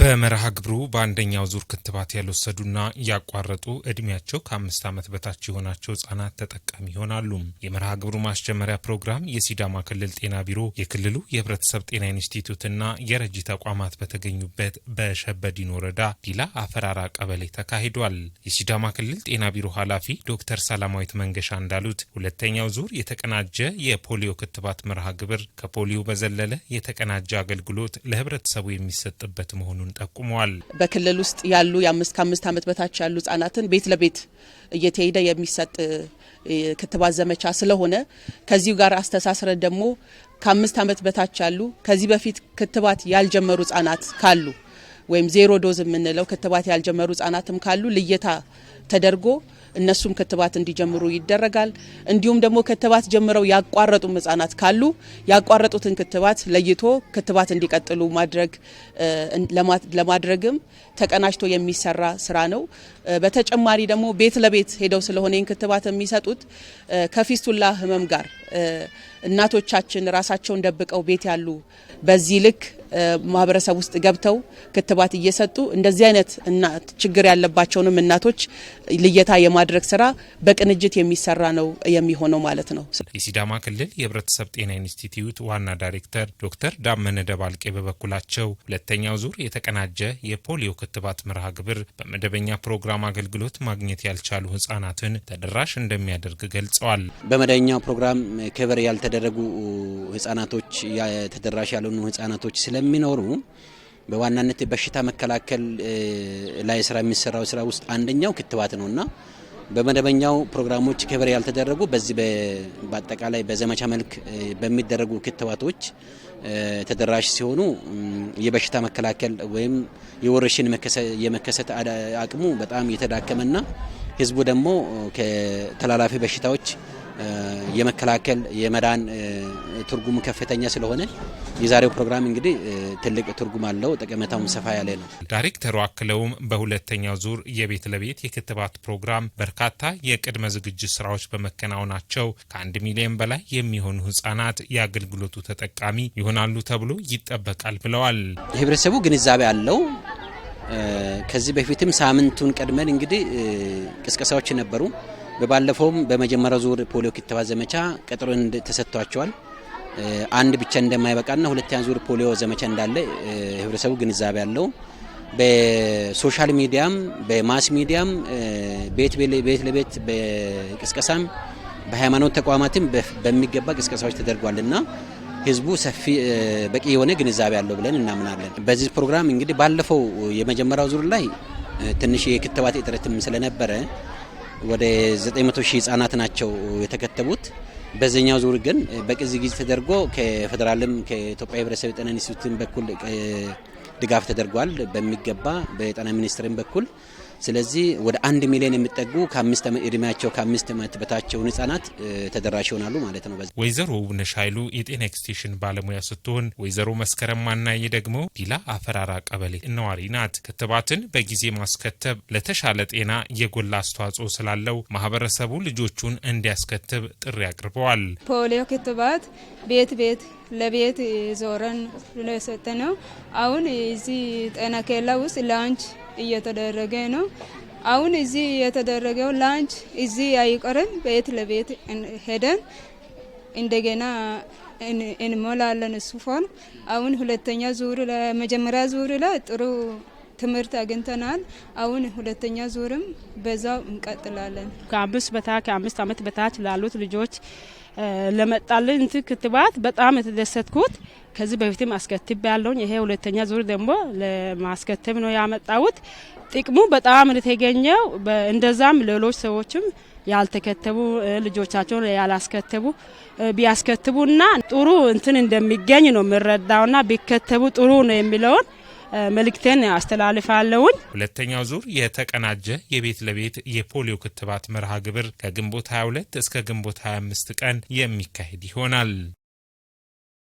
በመርሃ ግብሩ በአንደኛው ዙር ክትባት ያልወሰዱና ያቋረጡ እድሜያቸው ከአምስት ዓመት በታች የሆናቸው ህጻናት ተጠቃሚ ይሆናሉ። የመርሃ ግብሩ ማስጀመሪያ ፕሮግራም የሲዳማ ክልል ጤና ቢሮ፣ የክልሉ የህብረተሰብ ጤና ኢንስቲትዩትና የረጂ ተቋማት በተገኙበት በሸበዲን ወረዳ ዲላ አፈራራ ቀበሌ ተካሂዷል። የሲዳማ ክልል ጤና ቢሮ ኃላፊ ዶክተር ሰላማዊት መንገሻ እንዳሉት ሁለተኛው ዙር የተቀናጀ የፖሊዮ ክትባት መርሃ ግብር ከፖሊዮ በዘለለ የተቀናጀ አገልግሎት ለህብረተሰቡ የሚሰጥበት መሆኑን መሆኑን ጠቁመዋል። በክልል ውስጥ ያሉ የአምስት ከአምስት ዓመት በታች ያሉ ህጻናትን ቤት ለቤት እየተሄደ የሚሰጥ ክትባት ዘመቻ ስለሆነ ከዚሁ ጋር አስተሳስረን ደግሞ ከአምስት ዓመት በታች ያሉ ከዚህ በፊት ክትባት ያልጀመሩ ህጻናት ካሉ ወይም ዜሮ ዶዝ የምንለው ክትባት ያልጀመሩ ህጻናትም ካሉ ልየታ ተደርጎ እነሱም ክትባት እንዲጀምሩ ይደረጋል። እንዲሁም ደግሞ ክትባት ጀምረው ያቋረጡም ህጻናት ካሉ ያቋረጡትን ክትባት ለይቶ ክትባት እንዲቀጥሉ ማድረግ ለማድረግም ተቀናጅቶ የሚሰራ ስራ ነው። በተጨማሪ ደግሞ ቤት ለቤት ሄደው ስለሆነ ይህን ክትባት የሚሰጡት ከፊስቱላ ህመም ጋር እናቶቻችን ራሳቸውን ደብቀው ቤት ያሉ በዚህ ልክ ማህበረሰብ ውስጥ ገብተው ክትባት እየሰጡ እንደዚህ አይነት እናት ችግር ያለባቸውንም እናቶች ልየታ የማድረግ ስራ በቅንጅት የሚሰራ ነው የሚሆነው ማለት ነው። የሲዳማ ክልል የህብረተሰብ ጤና ኢንስቲትዩት ዋና ዳይሬክተር ዶክተር ዳመነ ደባልቄ በበኩላቸው ሁለተኛው ዙር የተቀናጀ የፖሊዮ ክትባት መርሃ ግብር በመደበኛ ፕሮግራም አገልግሎት ማግኘት ያልቻሉ ህጻናትን ተደራሽ እንደሚያደርግ ገልጸዋል። በመደበኛ ፕሮግራም ክብር ያልተ ያደረጉ ህጻናቶች ተደራሽ ያልሆኑ ህጻናቶች ስለሚኖሩ በዋናነት በሽታ መከላከል ላይ ስራ የሚሰራው ስራ ውስጥ አንደኛው ክትባት ነው እና በመደበኛው ፕሮግራሞች ክብር ያልተደረጉ በዚህ በአጠቃላይ በዘመቻ መልክ በሚደረጉ ክትባቶች ተደራሽ ሲሆኑ የበሽታ መከላከል ወይም የወረሽን የመከሰት አቅሙ በጣም የተዳከመና ህዝቡ ደግሞ ከተላላፊ በሽታዎች የመከላከል የመዳን ትርጉሙ ከፍተኛ ስለሆነ የዛሬው ፕሮግራም እንግዲህ ትልቅ ትርጉም አለው፣ ጠቀሜታውም ሰፋ ያለ ነው። ዳይሬክተሩ አክለውም በሁለተኛው ዙር የቤት ለቤት የክትባት ፕሮግራም በርካታ የቅድመ ዝግጅት ስራዎች በመከናወናቸው ከአንድ ሚሊዮን በላይ የሚሆኑ ህጻናት የአገልግሎቱ ተጠቃሚ ይሆናሉ ተብሎ ይጠበቃል ብለዋል። ህብረተሰቡ ግንዛቤ አለው። ከዚህ በፊትም ሳምንቱን ቀድመን እንግዲህ ቅስቀሳዎች ነበሩ። በባለፈውም በመጀመሪያ ዙር ፖሊዮ ክትባት ዘመቻ ቀጠሮ ተሰጥቷቸዋል። አንድ ብቻ እንደማይበቃና ሁለተኛ ዙር ፖሊዮ ዘመቻ እንዳለ ህብረተሰቡ ግንዛቤ ያለው በሶሻል ሚዲያም በማስ ሚዲያም ቤት ለቤት በቅስቀሳም በሃይማኖት ተቋማትም በሚገባ ቅስቀሳዎች ተደርጓልና ህዝቡ ሰፊ በቂ የሆነ ግንዛቤ ያለው ብለን እናምናለን። በዚህ ፕሮግራም እንግዲህ ባለፈው የመጀመሪያው ዙር ላይ ትንሽ የክትባት እጥረትም ስለነበረ ወደ 900 ሺህ ህጻናት ናቸው የተከተቡት። በዚህኛው ዙር ግን በቂ ዝግጅት ተደርጎ ከፌዴራልም ከኢትዮጵያ ህብረተሰብ ጤና ኢንስቲትዩትም በኩል ድጋፍ ተደርጓል። በሚገባ በጤና ሚኒስትርም በኩል ስለዚህ ወደ አንድ ሚሊዮን የሚጠጉ ከአምስት እድሜያቸው ከአምስት ዓመት በታቸውን ህጻናት ተደራሽ ይሆናሉ ማለት ነው። ወይዘሮ ውብነሽ ኃይሉ የጤና ኤክስቴሽን ባለሙያ ስትሆን ወይዘሮ መስከረም ማናዬ ደግሞ ዲላ አፈራራ ቀበሌ ነዋሪ ናት። ክትባትን በጊዜ ማስከተብ ለተሻለ ጤና የጎላ አስተዋጽኦ ስላለው ማህበረሰቡ ልጆቹን እንዲያስከትብ ጥሪ አቅርበዋል። ፖሊዮ ክትባት ቤት ቤት ለቤት ዞረን ነው ነው። አሁን እዚህ ጤና ኬላ ውስጥ ላንች እየተደረገ ነው። አሁን እዚህ የተደረገው ላንች እዚህ አይቀርም። ቤት ለቤት ሄደን እንደገና እንሞላለን። እሱ ፎርም አሁን ሁለተኛ ዙር ለመጀመሪያ ዙር ላይ ጥሩ ትምህርት አግኝተናል። አሁን ሁለተኛ ዙርም በዛው እንቀጥላለን። ከአምስት በታ ከአምስት አመት በታች ላሉት ልጆች ለመጣልን እንት ክትባት በጣም የተደሰትኩት ከዚህ በፊትም አስከትብ ያለውን ይሄ ሁለተኛ ዙር ደግሞ ለማስከተብ ነው ያመጣሁት። ጥቅሙ በጣም የተገኘው እንደዛም ሌሎች ሰዎችም ያልተከተቡ ልጆቻቸውን ያላስከተቡ ቢያስከትቡና ጥሩ እንትን እንደሚገኝ ነው የምረዳውና ቢከተቡ ጥሩ ነው የሚለውን መልእክቴን አስተላልፋለሁኝ። ሁለተኛው ዙር የተቀናጀ የቤት ለቤት የፖሊዮ ክትባት መርሃ ግብር ከግንቦት 22 እስከ ግንቦት 25 ቀን የሚካሄድ ይሆናል።